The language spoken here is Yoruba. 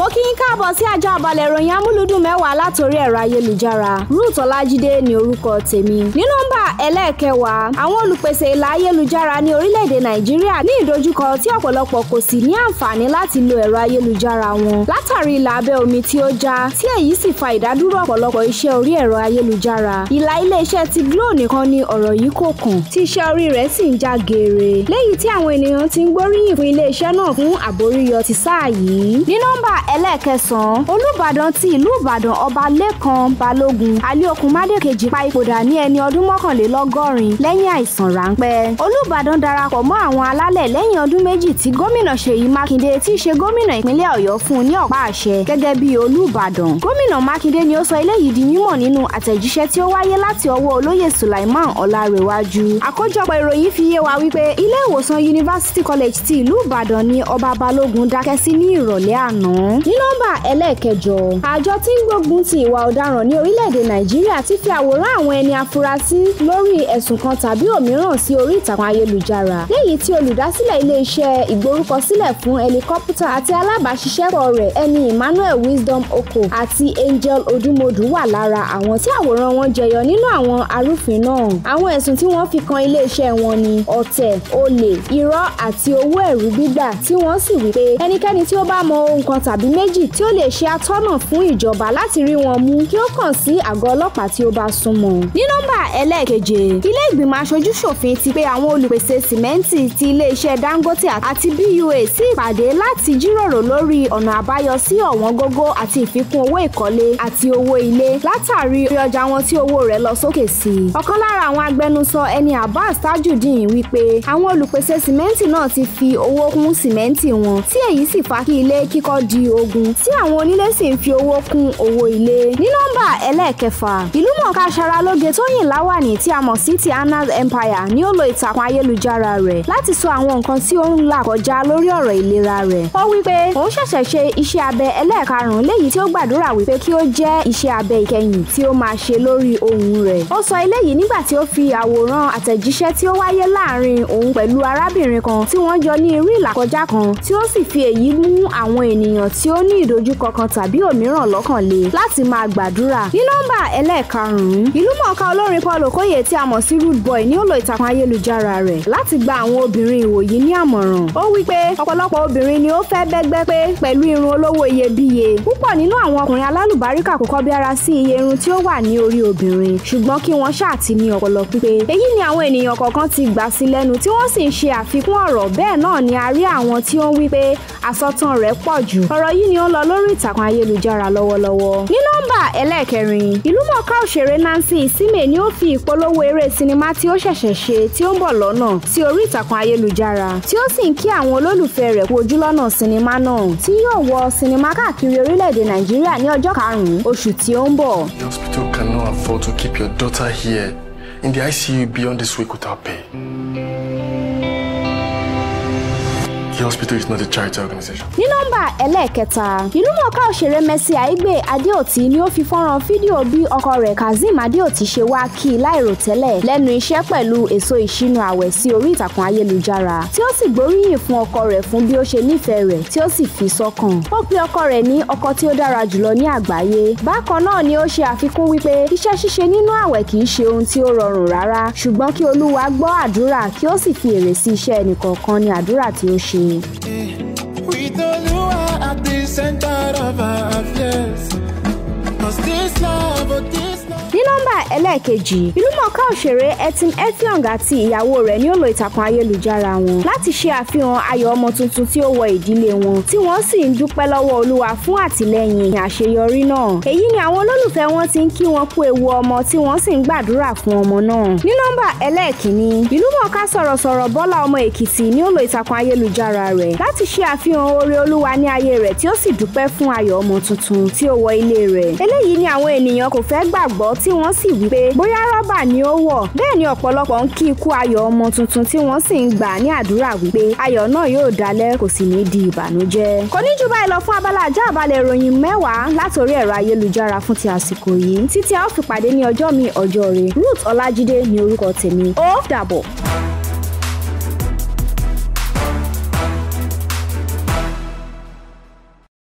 mo kí yín káàbọ̀ sí àjọ àbálẹ̀ ìròyìn amúlùdùn mẹ́wàá látòrí ẹ̀rọ ayélujára ruth ọlájídé ni orúkọ tèmi ní nọ́mbà ẹlẹ́ẹ̀kẹwàá àwọn olùpèsè ìlà ayélujára ní orílẹ̀-èdè nàìjíríà ní ìdojúkọ tí ọ̀pọ̀lọpọ̀ kò sì ní àǹfààní láti lo ẹ̀rọ ayélujára wọn látàrí ìlà abẹ́ omi tí ó já tí èyí sì fa ìdádúró ọ̀pọ̀lọpọ̀ iṣẹ́ orí ẹ̀rọ ayélujára ìlà iléeṣẹ́ ti glo nìkan ni ọ̀rọ̀ yìí kò kàn tí iṣẹ́ orí rẹ̀ sì ń já geere léyìí tí àwọn ènìyàn ti ń gbóríyìn fún iléeṣẹ́ náà fún àboríyọ ti sáà yìí ní nọ́mbà ẹlẹ́ẹ̀kẹsàn-án olùbàdàn ti ìlú ìbàdàn ọba lẹ́kan balógun alíokùn mádékejì pa ipòdà ní ẹni ọdún mọ́kànlélọ́gọ́rin lẹ́yìn àìsàn ráńpẹ́ olùbàdàn darapọ̀ mọ́ àwọn alálẹ̀ lẹ́yìn ọdún méjì tí gómìnà ṣèyí mákindé ti ṣe gómìnà ìpínlẹ̀ ọ̀yọ́ fún un ní ọ̀pá àṣẹ gẹ́gẹ́ bí olùbàdàn gómìnà mákindé ni ó sọ eléyìí di mímọ̀ nínú àtẹ̀jíṣẹ́ tí ó wáyé láti ọwọ́ olóyè sulaiman ọlárẹ̀wájú àkójọpọ̀ ìròyìn fi yé wa wípé ilé ìwòsàn university college ti ìlú ìbàdàn ni ọba balógun dákẹ́ sí ní ìrọ̀lẹ́ àná márùn-ún ní nọ́mbà ẹlẹ́ẹ̀kẹjọ àjọ tí ń gbógun ti ìwà ọ̀daràn ní orílẹ̀-èdè nàìjíríà ti fi àwòrán àwọn ẹni afurasí lórí ẹ̀sùn kan tàbí òmíràn sí orí ìtàkùn ayélujára léyìí tí olùdásílẹ̀ iléeṣẹ́ ìgborúkọsílẹ̀ fún ẹlikọ́pútà àti alábàáṣiṣẹ́pọ̀ rẹ̀ ẹni Emmanuel Wisdom Oko àti Angel Odumodu wà lára àwọn tí àwòrán wọn jẹyọ nínú àwọn arúfin náà àwọn ẹ̀sùn tí wọ́n fi kan iléeṣẹ́ wọn ni ọ̀tẹ̀ olè irọ́ àti owó ẹ̀rú gbígbà tí wọ́n sì wí méjì tí ó lè ṣe atọ́nà fún ìjọba láti rí wọn mú kí ó kàn sí àgọ́ ọlọ́pàá tí ó bá súnmọ́. ní nọ́mbà ẹlẹ́ẹ̀keje ilé ìgbìmọ̀ aṣojúṣòfin ti pè àwọn olùpèsè sìmẹ́ǹtì ti iléeṣẹ́ Dangote àti BUA sí ìpàdé láti jíròrò lórí ọ̀nà àbáyọ sí ọ̀wọ́n gógó àti ìfikún owó ìkọ́lé àti owó ilé látàrí ọjà wọn tí owó rẹ̀ lọ sókè sí i. ọ̀kan lára àwọn agbẹnusọ ẹni Abbas Tajudeen wípé àwọn olùpèsè sìmẹ́ǹtì náà ti fi owó kún sìmẹ́ǹtì wọn tí èyí sì fa kí ilé kíkọ́ di o ogun tí àwọn onílé sì ń fi owó kún owó ilé. ní nọ́mbà ẹlẹ́ẹ̀kẹfà ìlúmọ̀ọ́ká aṣaralóge Tóyìn Láwàní tí a mọ̀ sí Tiana's Empire ni ó lo ìtàkùn ayélujára rẹ̀ láti sọ àwọn nǹkan tí ó ń là kọjá lórí ọ̀rọ̀ ìlera rẹ̀. ó wí pé òun ṣẹ̀ṣẹ̀ ṣe iṣẹ́ abẹ ẹlẹ́ẹ̀karùn-ún léyìí tí ó gbàdúrà wípé kí ó jẹ́ iṣẹ́ abẹ ìkẹyìn tí ó máa ṣe lórí ohun rẹ̀. ó sọ eléyìí nígbà tí ó fi àwòrán àtẹ̀jíṣẹ́ tí ó wáyé láàrin òun pẹ̀lú arábìnrin kan tí wọ́n jọ ní irú ìlàkọjá kan tí ó sì fi èyí mú àwọn ènìyàn tí ó ní ìdojúkọ kan tàbí òmíràn lọ́kàn le láti máa gbàdúrà. ní nọ́mbà ẹlẹ́ẹ̀karùn-ún ìlúmọ̀ọ́ká olórin Paul Okoye tí a mọ̀ sí Rude Boy ní ó lo ìtàkùn ayélujára rẹ̀ láti gba àwọn obìnrin ìwòyí ní àmọ̀ràn. ó wí pé ọ̀pọ̀lọpọ̀ obìnrin ni ó fẹ́ bẹ́gbẹ́ pé pẹ̀lú irun olówó iyebíye. púpọ̀ nínú àwọn ọkùnrin alálùbáríkà kò kọbi ara sí iye irun tí ó wà ní orí obìnrin ṣùgbọ́n kí wọ́n ṣáà ti ní ọpọlọ pípé. èyí ni àwọn ènìyàn kọ̀ọ̀kan ti gbà sí lẹ́nu tí wọ́n sì ń ṣe àfikún ọ̀rọ̀ bẹ́ẹ̀ náà ni a rí àwọn tí ó ń wí pé àsọtán rẹ̀ pọ̀ jù. ọ̀rọ̀ y yìí ni ó ń lọ lórí ìtàkùn ayélujára lọ́wọ́lọ́wọ́. ní nọ́mbà ẹlẹ́ẹ̀kẹrin ìlúmọ̀ọ́ká òṣèré Nancy Isime ni ó fi ìpolówó eré sinimá tí ó ṣẹ̀ṣẹ̀ ṣe tí ó ń bọ̀ lọ́nà sí orí ìtàkùn ayélujára tí ó sì ń kí àwọn olólùfẹ́ rẹ̀ kú ojúlọ́nà sinimá náà tí yóò wọ sinimá káàkiri orílẹ̀-èdè Nàìjíríà ní ọjọ́ karùn-ún oṣù tí ó ń bọ̀. The hospital cannot afford to keep your daughter here in the ICU beyond this week without pay. The hospital is not a charity organization. ní nọ́mbà ẹlẹ́ẹ̀kẹta ìlúmọ̀ọ́ká òṣèré Mercy Aigbe Adeoti ni ó fi fọ́nrán fídíò bí ọkọ rẹ̀ Kazeem Adeoti ṣe wá kí i láìròtẹ́lẹ̀ lẹ́nu iṣẹ́ pẹ̀lú èso ìṣínú àwẹ̀ sí orí ìtàkùn ayélujára tí ó sì gbóríyìn fún ọkọ rẹ̀ fún bí ó ṣe nífẹ̀ẹ́ rẹ̀ tí ó sì fi sọ́kàn. ó pe ọkọ rẹ̀ ní ọkọ tí ó dára jùlọ ní àgbáyé. bákan náà ni ó ṣe àfikún wípé iṣẹ́ ṣíṣe nínú àwẹ̀ kì í ṣe ohun tí ó rọrùn rárá ṣùgbọ́n ó ṣe. We eh, With all you at the center of our affairs. this love, this love. ẹlẹ́ẹ̀kejì ìlúmọ̀ọ́ká òṣèré Etim Effiong àti ìyàwó rẹ̀ ni ó lo ìtàkùn ayélujára wọn láti ṣe àfihàn ayọ̀ ọmọ tuntun tí ó wọ ìdílé wọn tí wọ́n sì ń dúpẹ́ lọ́wọ́ Olúwa fún àtìlẹ́yìn àṣeyọrí náà èyí ni àwọn olólùfẹ́ wọn ti ń kí wọn kú ewu ọmọ tí wọ́n sì ń gbàdúrà fún ọmọ náà ní nọ́mbà ẹlẹ́ẹ̀kínní ìlúmọ̀ọ́ká sọ̀rọ̀sọ̀rọ̀ Bọ́lá ọmọ Èkìtì ni ó lo ìtàkùn ayélujára rẹ̀ láti ṣe àfihàn oore Olúwa ní ayé rẹ̀ tí ó sì dúpẹ́ fún ayọ̀ ọmọ tuntun tí ó wọ ilé rẹ̀ eléyìí ni àwọn ènìyàn kò fẹ́ gbàgbọ́ tí wọ́n sì wípé bóyá rọ́bà ni ó wọ̀ bẹ́ẹ̀ ni ọ̀pọ̀lọpọ̀ ń kí ikú ayọ̀ ọmọ tuntun tí wọ́n sì ń gbà ní àdúrà wípé ayọ̀ náà yóò dalẹ̀ kò sì ní di ìbànújẹ́. kò ní jù báyìí lọ fún abala ajá àbálẹ̀ ìròyìn mẹ́wàá látòrí ẹ̀rọ ayélujára fún ti àsìkò yìí títí a ó fi pàdé ní ọjọ́ mi ọjọ́ rẹ̀ Ruth Ọlájídé ni orúkọ tèmi ó dàbọ̀.